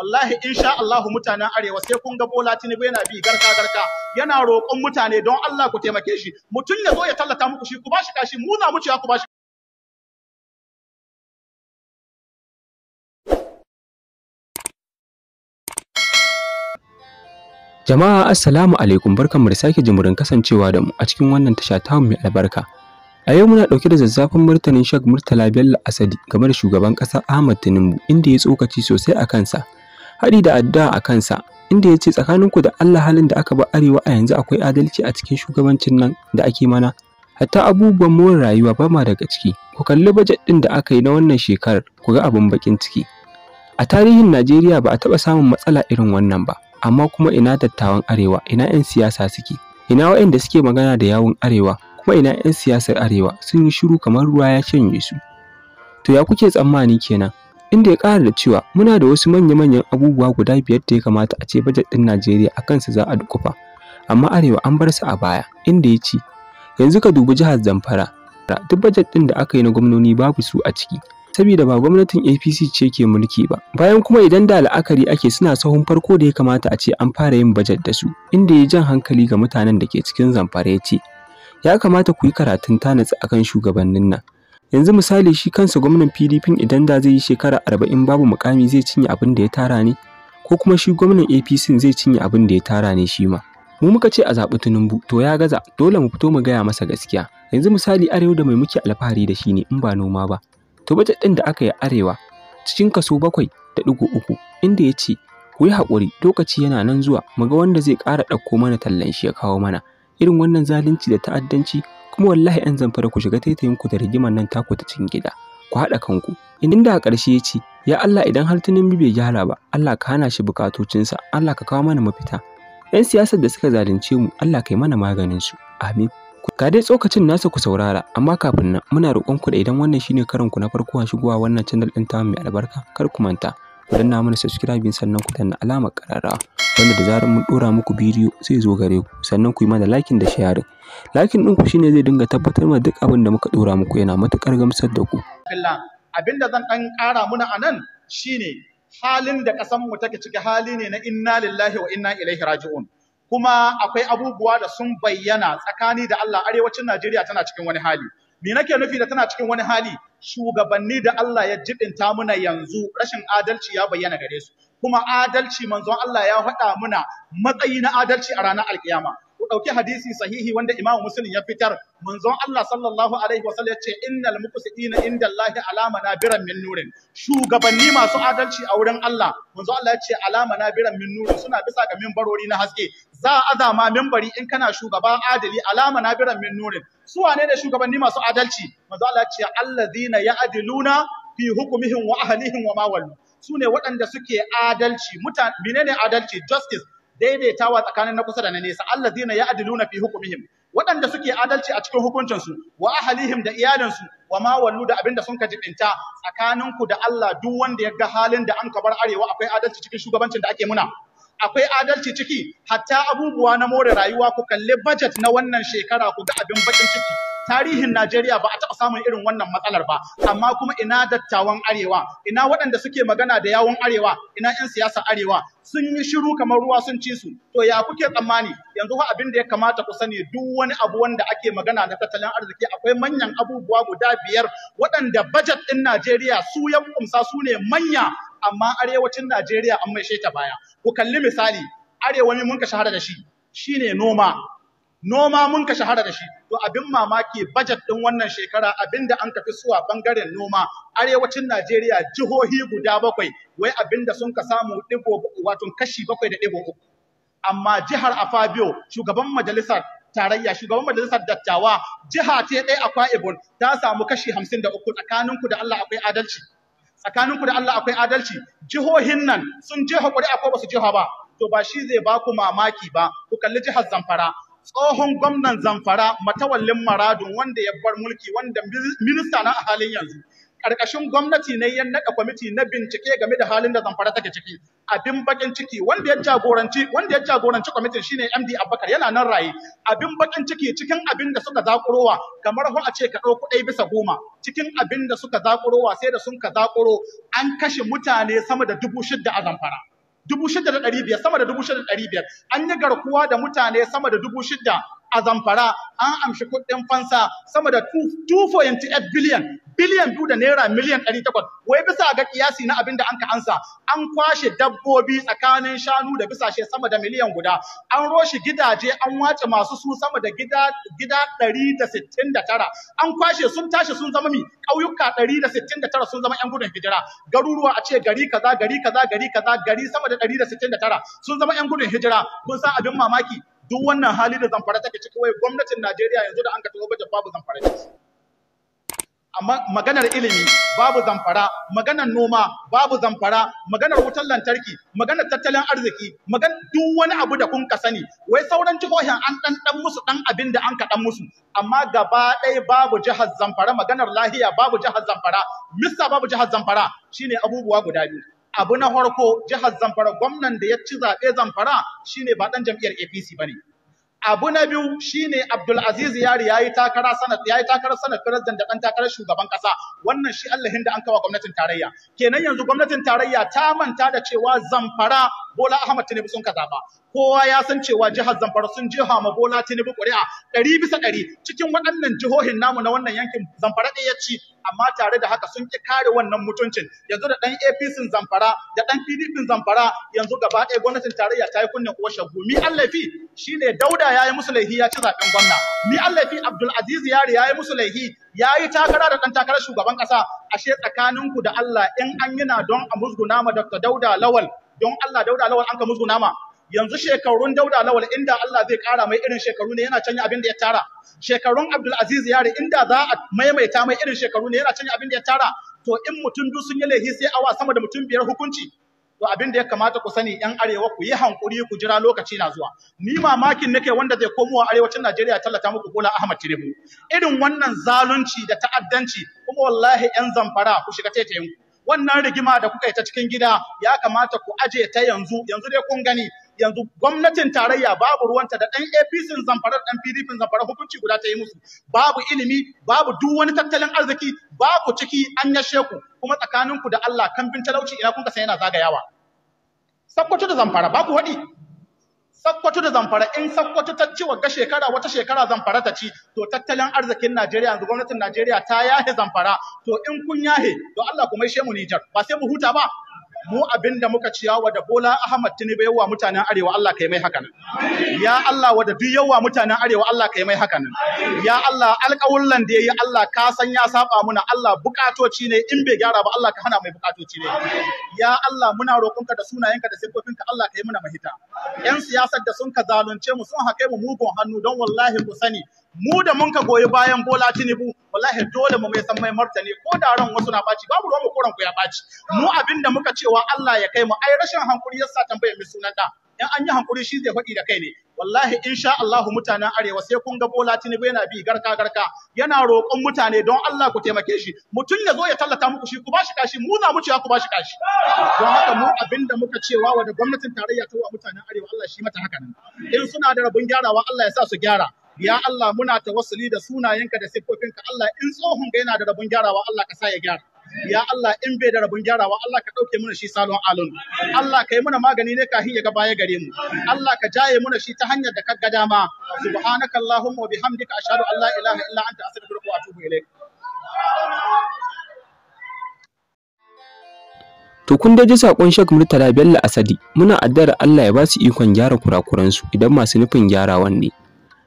wallahi insha Allah mutanen arewa sai kun ga Bola Tinubu yana bi garka garka yana roƙon mutane don Allah ku taimake shi mutum ya zo ya tallata muku shi ku bashi kashi mu na mu ku bashi Jama'a assalamu alaikum barkanmu da sake jimurin kasancewa da mu a cikin wannan tasha ta mai albarka. A yau muna ɗauke da zazzafin martanin Sheikh Murtala Bello Asadi game da shugaban ƙasa Ahmad Tinubu inda ya tsokaci sosai a kansa haɗi da addu'a a kansa inda ya ce tsakaninku da Allah halin da aka ba arewa a yanzu akwai adalci a cikin shugabancin nan da ake mana hatta abubuwan more rayuwa ba ma daga ciki ku kalli bajet ɗin da aka yi na wannan shekarar ku ga abin bakin ciki a tarihin Najeriya ba a taɓa samun matsala irin wannan ba amma kuma ina dattawan arewa ina 'yan siyasa suke ina waɗanda suke magana da yawun arewa kuma ina 'yan siyasar arewa sun yi shiru kamar ruwa ya shanye su to ya kuke tsammani kenan inda ya ƙara da cewa muna da wasu manya-manyan abubuwa guda biyar da ya kamata a ce bajet ɗin Najeriya a kansu za a dukufa. Amma Arewa an bar su a baya, inda ya ce, yanzu ka dubi jihar Zamfara, duk bajet ɗin da aka yi na gwamnoni babu su a ciki. Saboda ba gwamnatin APC ce ke mulki ba. Bayan kuma idan da la'akari ake suna sahun farko da ya kamata a ce an fara yin bajet da su, inda ya jan hankali ga mutanen da ke cikin Zamfara ya ce, ya kamata ku yi karatun tanatsa akan shugabannin nan. yanzu misali shi kansa gwamnan PDP idan da zai yi shekara arba'in babu mukami zai cinye abin da ya tara ne ko kuma shi gwamnan APC zai cinye abin da ya tara ne shi ma mu muka ce a zaɓi Tinubu to ya gaza dole mu fito mu gaya masa gaskiya yanzu misali arewa da mai muke alfahari da shi ne in ba noma ba to bajet ɗin da aka yi arewa cikin kaso bakwai da ɗigo uku inda ya ce ku yi haƙuri lokaci yana nan zuwa mu ga wanda zai ƙara ɗauko mana tallan shi ya kawo mana irin wannan zalunci da ta'addanci kuma wallahi yan zamfara ku shiga taitayin ku da rigimar nan taku ta cikin gida ku haɗa kanku Inda a ƙarshe ya ce ya Allah idan har tunin bai gyara ba Allah ka hana shi bukatocinsa Allah ka kawo mana mafita yan siyasar da suka zalunce mu Allah kai mana maganin su amin Ka dai tsokacin nasa ku saurara, amma kafin nan muna roƙon da idan wannan shine karin ku na farko a shigowa wannan channel ɗin tamu mai albarka, kar ku manta ku danna mana subscribing sannan ku danna alamar karara wanda da zarar mun dora muku bidiyo zai zo gare ku sannan ku yi mana liking da ɗin liking ku shine zai dinga tabbatar mana duk abin da muka dora muku yana matukar gamsar da ku abinda zan ɗan kara muna a nan shine halin da mu take ciki hali ne na inna lillahi wa inna ilaihi raji'un kuma akwai abubuwa da sun bayyana tsakani da Allah arewacin Najeriya tana cikin wani hali me nake nufi da tana cikin wani hali shugabanni da Allah ya jibinta muna yanzu rashin adalci ya bayyana gare su kuma adalci manzon Allah ya faɗa muna matsayi na adalci a ranar alkiyama dauki hadisi sahihi wanda Imam Muslim ya fitar manzon Allah sallallahu alaihi wasallam ya ce innal muqsitina Allah alama nabiran min nurin shugabanni masu adalci a wurin Allah manzon Allah ya ce alama nabiran min nurin suna bisa ga minbarori na haske za a azama minbari in kana shugaba adali alama nabiran min nurin su wane ne shugabanni masu adalci manzon Allah ya ce allazina ya'diluna fi hukumihim wa ahlihim wa ma wallu su waɗanda suke adalci mutane menene adalci justice daidaitawa tsakanin na kusa da na nesa allazina ya'diluna fi hukmihim waɗanda suke adalci a cikin hukuncinsu wa ahalihim da iyalinsu wa ma wallu da abinda sun ka jibinta tsakaninku da Allah duk wanda ya ga halin da an ka bar arewa akwai adalci cikin shugabancin da ake muna akwai adalci ciki hatta abubuwa na more rayuwa ku kalli budget na wannan shekara ku ga abin bakin ciki tarihin Najeriya ba a taɓa samun irin wannan matsalar ba amma kuma ina dattawan arewa ina waɗanda suke magana da yawon arewa ina 'yan siyasa arewa sun yi shiru kamar ruwa sun ci su to ya kuke tsammani yanzu fa abin da ya kamata ku sani duk wani abu wanda ake magana na tattalin arziki akwai manyan abubuwa guda biyar waɗanda bajet ɗin Najeriya su ƙumsa kumsa su ne manya amma arewacin Najeriya an mai ta baya ku kalli misali arewa ne mun ka shahara da shi shine noma noma mun ka shahara da shi to abin mamaki budget din wannan shekara abinda an kafi suwa bangaren noma arewacin Najeriya jihohi guda bakwai wai abinda sun ka samu dibo wato kashi bakwai da dibo uku amma jihar Afabio shugaban majalisar tarayya shugaban majalisar dattawa jiha ce ɗaya akwa ibon ta samu kashi 53 tsakaninku da Allah akwai adalci tsakaninku da Allah akwai adalci jihohin nan sun je hakuri akwai basu jiha ba to ba shi zai ba ku mamaki ba ku kalli jihar Zamfara tsohon gwamnan zamfara matawallin maradun wanda ya bar mulki wanda minista na a halin yanzu ƙarƙashin gwamnati ne ya naɗa kwamiti na bincike game da halin da zamfara take ciki abin bakin ciki wanda ya jagoranci wanda ya jagoranci kwamitin shine MD Abubakar yana nan raye abin bakin ciki cikin abin da suka zakurowa kamar ho a ce ka dauko ɗaya bisa goma cikin abin da suka zakurowa sai da sun ka zakuro an kashe mutane sama da dubu shidda a zamfara dubu shida da ɗari biyar sama da dubu shida da ɗari biyar an yi garkuwa da mutane sama da dubu shida a zamfara an amshi kuɗin fansa sama da 2.8 billion biliyan biyu da naira miliyan ɗari takwas wai bisa ga kiyasi na abin da an ka ansa an kwashe dabbobi tsakanin shanu da bisashe sama da miliyan guda an roshi gidaje an wace masu su sama da gida gida ɗari da sittin da tara an kwashe sun tashi sun zama mi ƙauyuka ɗari da sittin da tara sun zama 'yan gudun hijira garuruwa a ce gari kaza gari kaza gari kaza gari sama da ɗari da sittin da tara sun zama 'yan gudun hijira kun san abin mamaki duk wannan hali da zamfara take ciki wai gwamnatin Najeriya yanzu da an ka taho baje babu zamfara amma maganar ilimi babu zamfara maganar noma babu zamfara maganar wutar lantarki maganar tattalin arziki magan duk wani abu da kun ka sani wai sauran jihohin an dan dan musu dan abin da an ka dan musu amma gaba ɗaya babu jihar zamfara maganar lahiya babu jihar zamfara mista babu jihar zamfara shine abubuwa guda biyu abu na farko jihar Zamfara gwamnan da ya ci zaɓe Zamfara shine ba ɗan jam'iyyar APC ba ne. abu na biyu shine Abdulaziz Yari yi takara sanad takarar sanad president da ɗan takarar shugaban ƙasa, wannan shi Allahin da an kawo gwamnatin tarayya kenan yanzu gwamnatin tarayya ta manta da cewa Zamfara Bola Ahmad Tinubu sun ka zaba kowa ya san cewa jihar Zamfara sun jiha ma Bola Tinubu ƙuri'a ɗari bisa ɗari cikin waɗannan jihohin namu na wannan yankin Zamfara ɗaya ya ci amma tare da haka sun ki kare wannan mutuncin yanzu da ɗan APC Zamfara da ɗan PDP Zamfara yanzu gaba ɗaya gwamnatin tarayya ta yi kunnen uwar shagu mi allafi shine Dauda ya yi musu laihi ya ci zaɓen gwamna mi allafi Abdul Yari ya yi musu laihi ya yi takara da ɗan takarar shugaban ƙasa ashe tsakaninku da Allah in an yi na don a musguna ma Dr. Dauda Lawal don Allah dauda lawal an ka musu nama yanzu shekarun dauda lawal inda Allah zai kara mai irin shekaru ne yana canya abin da ya tara shekarun Abdul Aziz yare inda za a maimaita mai irin shekaru ne yana canya abin da ya tara to in mutum duk sun yi laifi sai awa sama da mutum biyar hukunci to abin da ya kamata ku sani yan arewa ku yi hankuri ku jira lokaci na zuwa ni mamakin nake wanda zai komo a arewacin Najeriya tallata muku Bola Ahmad Tinubu irin wannan zalunci da ta'addanci kuma wallahi yan zamfara ku shiga taitayin ku wannan rigima da kuka yi ta cikin gida ya kamata ku aje ta yanzu yanzu dai kun gani yanzu gwamnatin tarayya babu ruwanta da ɗan APC zamfara ɗan PDP zamfara hukunci guda ta yi musu babu ilimi babu duk wani tattalin arziki babu ciki an yashe ku kuma tsakaninku da Allah kan bin talauci ina kun ka san yana zagayawa sakkwato da zamfara babu waɗi Sakkwato da zamfara in sakkwato ta ci wagga shekara wata shekara zamfara ta ci to tattalin arzikin Najeriya yanzu gwamnatin Najeriya ta yahe zamfara to in kun yahe to Allah ku maishe mu Nijar ba sai mu huta ba mu abinda muka ciyawa da Bola Ahmad Tinubu yawa mutanen Arewa Allah kai mai hakan ya Allah wa da duk yawa mutanen Arewa Allah kai mai hakan ya Allah alƙawullan da yayi Allah ka san ya saba muna Allah bukatoci ne in bai gyara ba Allah ka hana mai bukatoci ne ya Allah muna roƙonka da sunayenka da sifofinka Allah kai muna mahita yan siyasar da sun ka zalunce mu sun haƙe mu mugun hannu don wallahi ku sani mu da mun ka goyi bayan Bola Tinubu wallahi dole mu mai san mai martani ko da ran wasu na baci babu ruwan mu koran ku ya baci mu abinda muka cewa Allah ya kai mu ai rashin hankuri yasa tambayar mu sunan da in an yi hankuri shi zai faɗi da kai ne wallahi insha Allah mutanen arewa sai kun ga Bola Tinubu yana bi garka garka yana roƙon mutane don Allah ku taimake shi mutum ya zo ya tallata muku shi ku bashi kashi mu na mu cewa ku bashi kashi don haka mu abinda muka cewa wa da gwamnatin tarayya ta wa mutanen arewa Allah shi mata haka nan in suna da rabun gyarawa Allah ya sa su gyara ya Allah muna tawassuli da sunayenka da siffofinka Allah in tsohon ga yana da rabon gyarawa Allah ka sa ya gyara ya Allah in bai da rabin gyarawa Allah ka ɗauke mana shi salon alon Allah ka yi mana magani ne kafin ya ga baya gare mu Allah ka jaye muna shi ta hanyar da ga dama subhanaka allahumma wa bihamdika ashhadu an la ilaha illa anta astaghfiruka wa atubu ilaik To kun daji sakon Sheikh Murtala Bello Asadi muna addar Allah ya ba su ikon gyara kurakuransu idan masu nufin gyarawan ne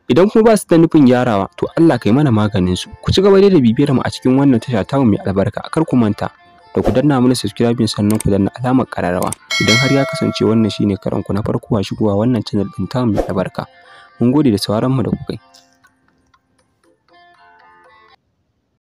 idan kuma ba su da nufin gyarawa to Allah kai mana maganin su ku ci gaba dai da bibiyarmu mu a cikin wannan tasha ta mu mai albarka kar ku manta da ku danna mana subscribing sannan ku danna alamar kararrawa idan har ya kasance wannan shine karan ku na farko a shigowa wannan channel din ta mu mai albarka mun gode da sauraron mu da ku kai